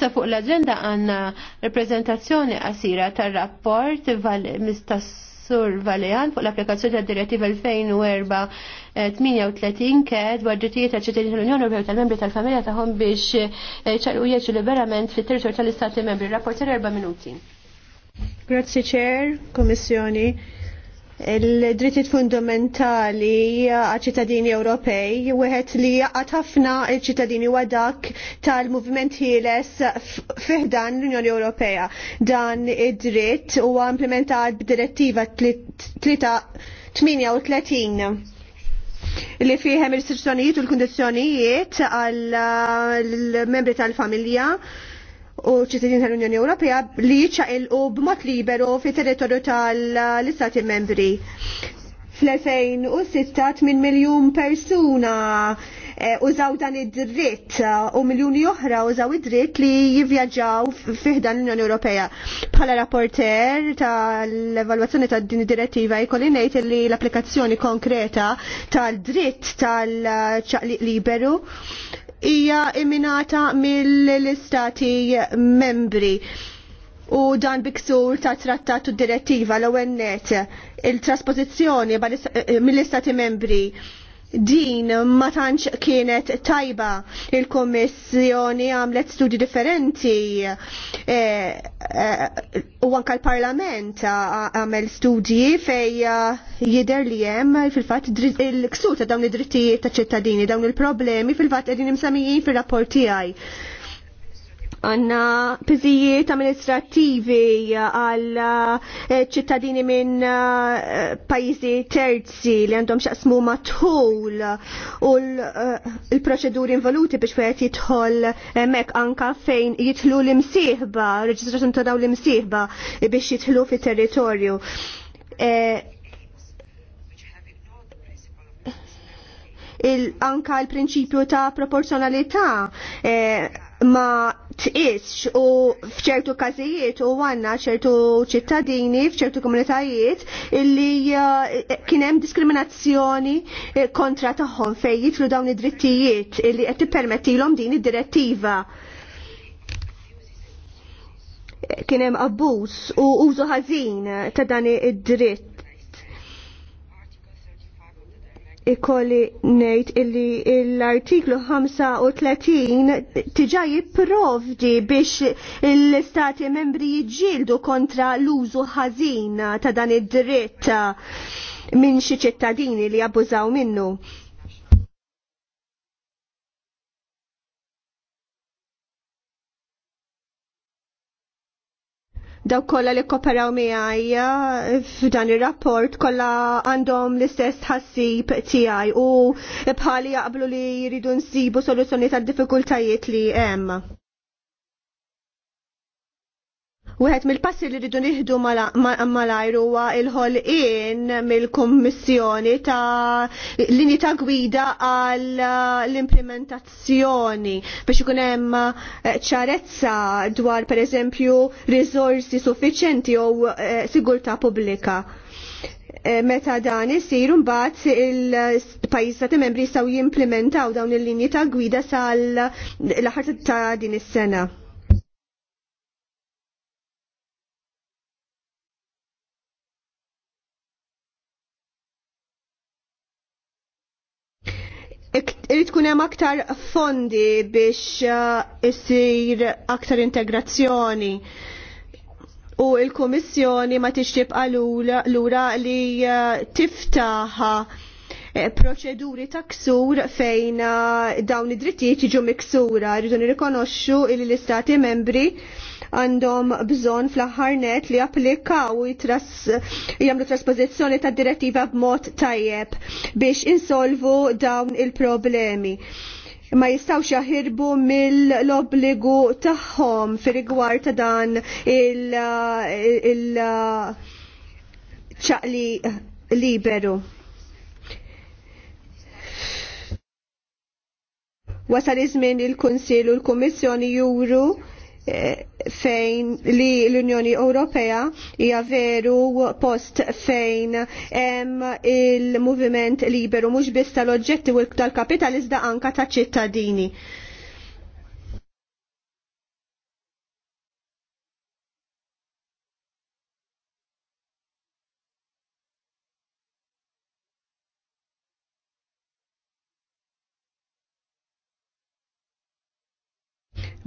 Issa fuq l-agenda għanna reprezentazzjoni qasira tar-rapport mistassur Sur Valean fuq l-applikazzjoni tad direttiva 2004-38 ked dwar drittijiet tal ċittadini tal-Unjoni Ewropea tal-membri tal-familja tagħhom biex eh, ċalqu jeġu liberament fit-territorju tal-Istati membri. Rapporter erba' minuti. Grazzi Chair, Kommissjoni il-drittijiet fundamentali għal-ċittadini Ewropej, wieħed li jaqat ħafna il-ċittadini wadak tal-movement ħieles fiħdan l-Unjoni Ewropea. Dan id-dritt huwa implementat direttiva 38 li fiħem il-istituzzjonijiet u l-kundizzjonijiet għal membri tal-familja u ċittadini tal-Unjoni Ewropea li il b'mod liberu fi territorju tal-Istati membri. Fl-2006 minn miljun persuna eh, użaw dan id-dritt eh, u miljuni oħra użaw id-dritt li jivvjaġġaw fiħdan l-Unjoni Ewropea. Bħala rapporter tal-evalwazzjoni ta' din id direttiva jkolli ngħid li l-applikazzjoni konkreta tal-dritt tal-ċaqliq liberu hija imminata mill-istati membri u dan biksur ta' trattat u direttiva l-ONET il-trasposizjoni eh, mill-istati membri din ma tantx kienet tajba il-Kommissjoni għamlet studi differenti e, e, u anka l-Parlament għamel studji fej e, jider li jem fil-fat il ksuta dawn id-drittijiet ta' ċittadini, dawn il-problemi fil-fat edin imsamijin fil-rapporti għaj għanna piżijiet amministrativi għal eh, ċittadini minn eh, pajjiżi terzi li għandhom xaqsmu matħul u eh, l-proċeduri involuti biex fejt jitħol mek anka fejn jitħlu l-imsieħba, reġistrazzjoni ta' daw l-imsieħba biex jitħlu fit-territorju. il, anka l-prinċipju ta' proporzjonalità eh, ma tqis u fċertu każijiet u għandna ċertu ċittadini fċertu komunitajiet illi eh, kien hemm diskriminazzjoni eh, kontra tagħhom fejn jitlu dawn id-drittijiet illi qed tippermettilhom din id-direttiva eh, kien hemm abbuż u użu ħażin ta' dan id-dritt ikolli ngħid illi l-artiklu 35 tiġa jipprovdi biex l-istati membri jiġġieldu kontra l-użu ħazina ta' dan id-dritt minn xi ċittadini li abbużaw minnu. daw kolla li koperaw miħaj eh, f'dan il-rapport kolla għandhom l-istess ħassib tijaj u bħali jaqblu li jridu nsibu soluzzjoni tal-difikultajiet li hemm. Wieħed mill-passi li rridu nieħdu mal huwa il in mill-Kummissjoni ta' linji ta' gwida għal eh, l-implementazzjoni biex ikun hemm eh, ċarezza dwar pereżempju riżorsi suffiċenti jew eh, sigurtà pubblika. Meta dan isir mbagħad il pajjiżati membri jistgħu jimplementaw dawn il-linji ta' gwida sal l-aħħar ta' din is-sena. Irrid tkun hemm aktar fondi biex uh, isir aktar integrazzjoni u l-Kummissjoni ma tixtieq lura li uh, tiftaħ Eh, proċeduri ta' ksur fejn eh, dawn id-drittijiet jiġu miksura. Rridu nirrikonoxxu li l-istati membri għandhom bżonn fl-aħħar net li applikaw jagħmlu traspożizzjoni ta' direttiva b'mod tajjeb biex insolvu dawn il-problemi ma jistawx jaħirbu mill-obligu tagħhom fi rigward ta' dan il-ċaqli liberu. Wasal iż-żmien il-Kunsill u l-Kummissjoni juru eh, fejn li l-Unjoni Ewropea hija veru post fejn hemm il-moviment liberu mhux biss tal-oġġetti u tal-kapital iżda anka taċ-ċittadini.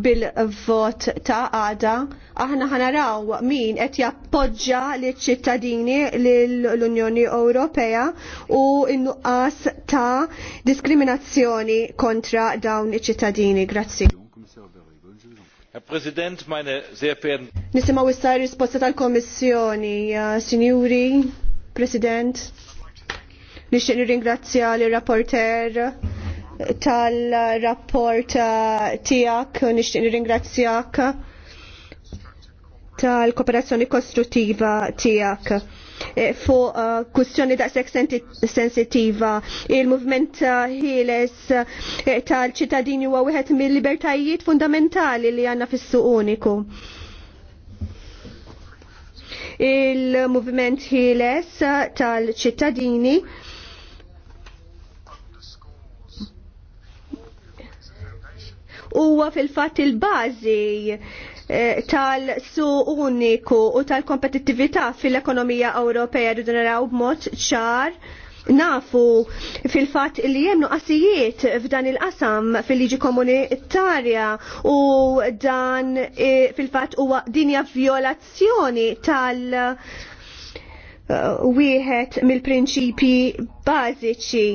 bil-vot ta' għada, aħna ħanaraw min qed jappoġġa liċ ċittadini l-Unjoni Ewropea u n-nuqqas ta' diskriminazzjoni kontra dawn iċ-ċittadini. Grazzi. Herr Präsident, meine sehr verehrten Nisimaw issa risposta tal-Kommissjoni, Signuri President. Nixtieq nirringrazzja l-rapporter tal-rapport eh, tijak, nishtin nirringrazzjak tal-kooperazzjoni kostruttiva tijak eh, Fu uh, eh, kustjoni daqshekk sensitiva. Il-movement ħieles tal-ċittadini huwa wieħed mill-libertajiet fundamentali li għandna fissu uniku. Il-movement ħieles tal-ċittadini huwa fil-fatt il-bażi eh, tal-su uniku u tal-kompetittività fil-ekonomija Ewropea rridu naraw b'mod ċar nafu fil-fat li jemnu qasijiet f'dan il-qasam fil-liġi komunitarja u dan eh, fil-fat huwa dinja violazzjoni tal- eh, wieħed mill-prinċipji bażiċi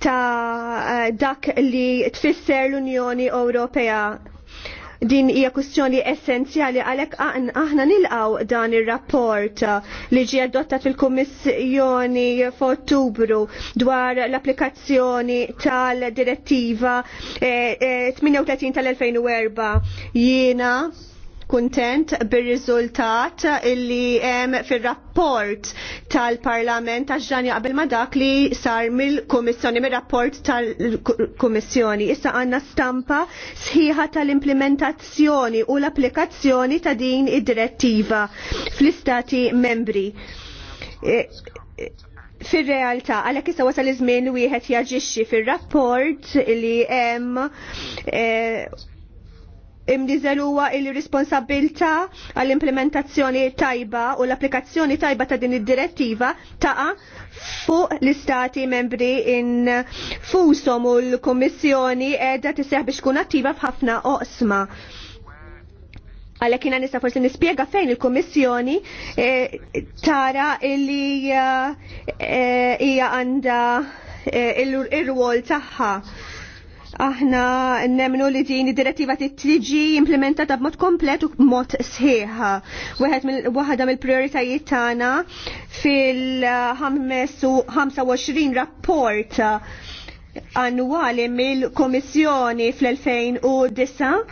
ta' dak li tfisser l-Unjoni Ewropea din hija kwestjoni essenzjali għalhekk aħna nilqgħu dan ir-rapport li ġie adottat fil-Kummissjoni f'Ottubru dwar l-applikazzjoni tal-direttiva 38 eh, eh, tal-2004 jiena kuntent bir-riżultat illi hemm fir-rapport tal-Parlament għax dan jaqbel ma dak li sar mill-Kummissjoni mir-rapport tal-Kummissjoni. Issa għandna stampa sħiħa tal-implementazzjoni u l-applikazzjoni ta' din id-direttiva fl-istati membri e, e, fil-realtà, għalek issa wasal iż-żmien wieħed jaġixxi fir-rapport li hemm e, imdizel huwa il-responsabilta għall-implementazzjoni tajba u l-applikazzjoni tajba ta' din id-direttiva taqa fuq l-istati membri in fusom u l-Kommissjoni edha tisseħ biex tkun attiva f'ħafna oqsma. Għalek jina nista forse nispiega fejn il-Kommissjoni eh, tara illi eh, hija għanda eh, il-rwol tagħha. Aħna nemnu li din id-direttiva tiġi implementata b'mod komplet u b'mod sħiħ. Waħda mill-prioritajiet tagħna fil-25 rapport annwali mill-Komissjoni fl-2009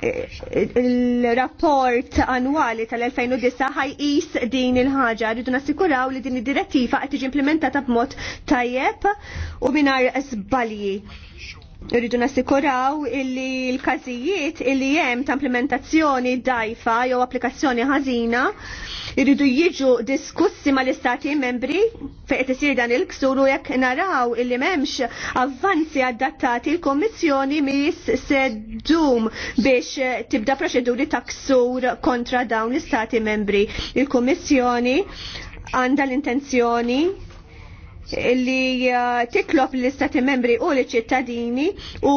il-rapport annwali tal-2009 ħajqis din il-ħaġa. Rridu nassikuraw li din id-direttiva qed tiġi implementata b'mod tajjeb u mingħajr żbalji. Rridu nassikuraw illi l-każijiet illi hemm ta' implementazzjoni dajfa jew applikazzjoni ħażina irridu jiġu diskussi mal-istati membri fejn isir dan il-ksuru jekk naraw illi m'hemmx avvanzi adattati l-Kommissjoni mis seddum biex tibda proċeduri ta' ksur kontra dawn l-istati membri. Il-Kommissjoni għandha l-intenzjoni li uh, tiklop l-istati membri u l-ċittadini u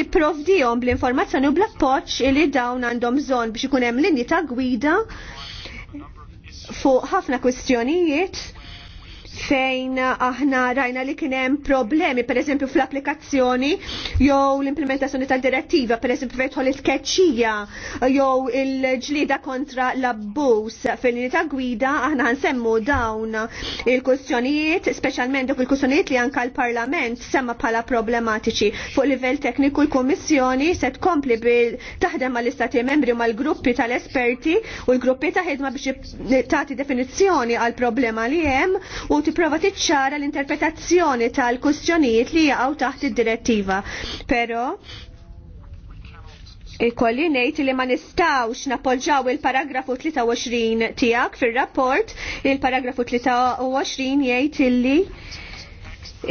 tipprovdihom bl-informazzjoni u bl-appoċ li dawn għandhom bżonn biex ikun hemm linji ta' gwida fuq ħafna kwistjonijiet fejn aħna rajna li kien hemm problemi, pereżempju fl-applikazzjoni jew l-implementazzjoni tal-direttiva, pereżempju fejn tħol it-tkeċċija jew il-ġlida kontra l-abbuż fil-linja ta' gwida aħna nsemmu dawn il-kwistjonijiet, speċjalment dok il-kwistjonijiet li anka l-Parlament semma bħala problematiċi. Fuq livell tekniku l-Kummissjoni se tkompli bil taħdem mal-Istati membri u mal-gruppi tal-esperti u l-gruppi ta' ħidma biex tagħti definizzjoni għal problema li hemm u tipprova tiċċara l-interpretazzjoni tal-kustjonijiet li jaqgħu taħt id-direttiva. Però Ikolli ngħid li ma nistgħux napoġġaw il-paragrafu 23 tiegħek fir-rapport, il-paragrafu 23 jgħid illi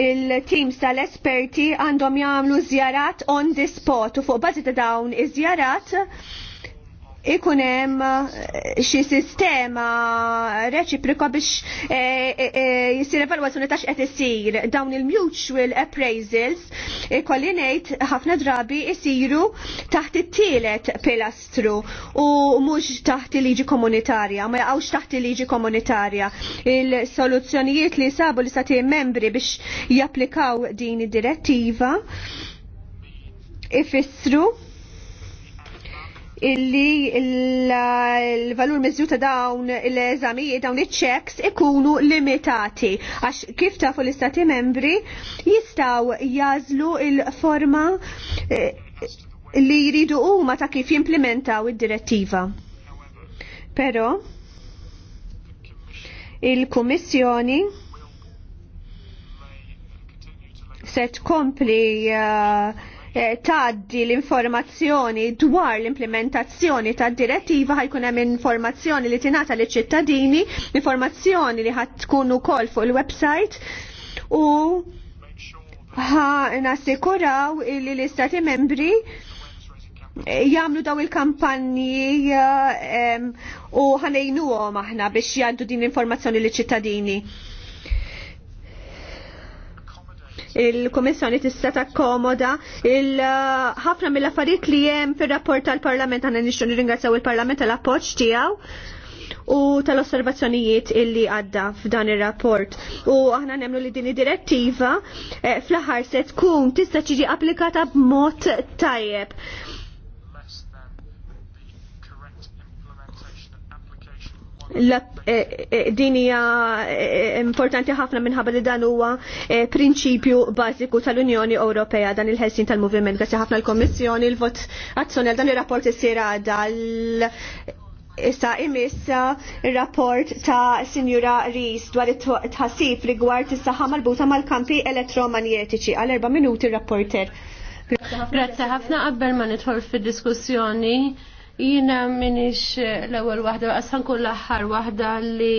il-teams tal-esperti għandhom jagħmlu żjarat on the spot u fuq bażi ta' dawn iż-żjarat ikun hemm eh, xi sistema reċiprika biex eh, eh, jisir evalwazzjoni ta' x'qed isir dawn il-mutual appraisals ikolli ngħid ħafna drabi jsiru taħt it-tielet pilastru u mhux taħt il-liġi komunitarja, ma jaqgħux taħt il-liġi komunitarja. Il-soluzzjonijiet li sabu li stati membri biex japplikaw din id-direttiva ifissru illi l-valur mizzju ta' dawn l-eżamijiet dawn iċ-checks ikunu limitati għax kif tafu l-istati membri jistaw jazlu il-forma eh, li jridu huma ta' kif jimplementaw id-direttiva. Pero il-Kummissjoni se tkompli uh, eh, Eh, tgħaddi l-informazzjoni dwar l-implementazzjoni tad-direttiva ħajkun hemm informazzjoni li tingħata liċ-ċittadini, informazzjoni li ħadd tkun ukoll fuq il-website u ħa nassikuraw li l-istati membri jamlu daw il-kampanji eh, u ħanejnuhom aħna biex jgħaddu din l-informazzjoni li ċittadini il-Komissjoni tista' takkomoda il-ħafna mill-affarijiet li hemm fir-rapport tal-Parlament għandna nixtru nirringrazzjaw il-Parlament tal-appoġġ tiegħu u tal-osservazzjonijiet illi għadda f'dan ir-rapport. U aħna nemlu li din id-direttiva eh, fl-aħħar se tkun tista' tiġi applikata b'mod tajjeb. Eh, eh, din hija eh, importanti ħafna minħabba li dan huwa prinċipju bażiku tal-Unjoni Ewropea dan il-ħelsin tal-moviment. Grazzi ħafna l-Kommissjoni, il-vot azzjoni dan ir-rapport is-sira dal Issa imissa il-rapport ta' Sinjura Ries dwar it-tħassib rigward is-saħħa malbuta mal-kampi elettromagnetiċi għal erba' minuti rapporter. Grazzi ħafna qabel ma nidħol fid-diskussjoni. Jina minix l-ewel wahda, għasan kull l-axar wahda li